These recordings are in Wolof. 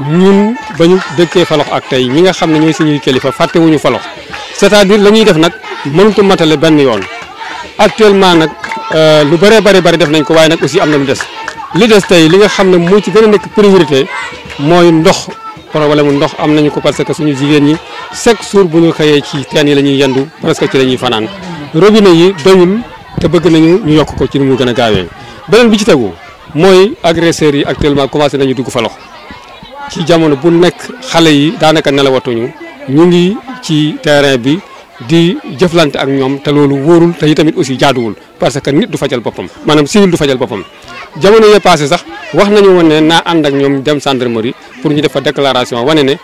ñun ba ñu dëkkee falox ak tey ñi nga xam ne ñooy suñuy kilifa fàttewuñu falox c'est-à-dire la ñuy def nag mënutu matale benn yoon actuellement nag euh, lu bëree bëri bëri def nañ ko waaye nag aussi am na lu des li des tey li nga xam ne moo ci gën nekk priorité mooy ndox problème mu ndox am nañu ko parce que suñu jigéen ñi chaque jour bu ñu xëyee ci teen yi la ñuy yendu presque ci la ñuy fanaan robinet yi doyul te bëgg nañu ñu yokk ko ci ni mu gën a gaawee beneen bi ci tegu mooy agresseurs yi actuellement commencé nañu dugg falox ci jamono bu nekk xale yi daanaka nelawatuñu ñu ngi ci terrain bi di jëflante ak ñoom te loolu wóorul te tamit aussi jaaduwul parce que nit du fajal boppam maanaam civil du fajal boppam. jamono yee passé sax wax nañu woon ne naa ànd ak ñoom dem gendarmerie pour ñu def fa déclaration wane ne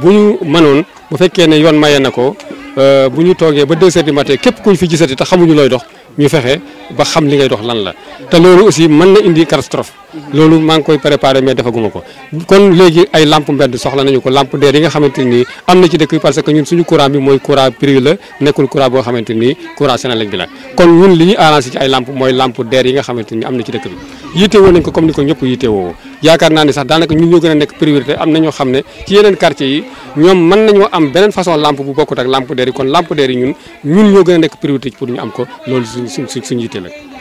bu ñu mënoon bu fekkee ne yoon maye na ko Euh, bu ñu toogee ba 2 heures du matin képp kuñ fi gisati te xamuñu looy dox ñu fexe ba xam li ngay dox lan la te loolu aussi mën na indi catastrophe loolu maa ngi koy préparé mais defaguma ko kon léegi ay lamp mbedd soxla nañu ko lamp deer yi nga xamante nii am na ci dëkk bi que ñun suñu courant bi mooy courant privé la nekkul courant boo xamante nii courant Senelec bi la kon ñun li ñuy arrangé ci ay lamp mooy lamp deer yi nga xamante ni am na ci dëkk bi yitte woo nañ ko comme ni ko ñëpp yitte woo yaakaar naa ni sax daanaka ñun ñoo gën a nekk priorité am na xam ne ci yeneen quartier yi ñoom mën nañoo am beneen façon lampe bu bokkut ak lampadaire yi kon lampadaire yi ñun ñun ñoo gën a nekk priorité pour ñu am ko loolu suñ suñ suñ yitte la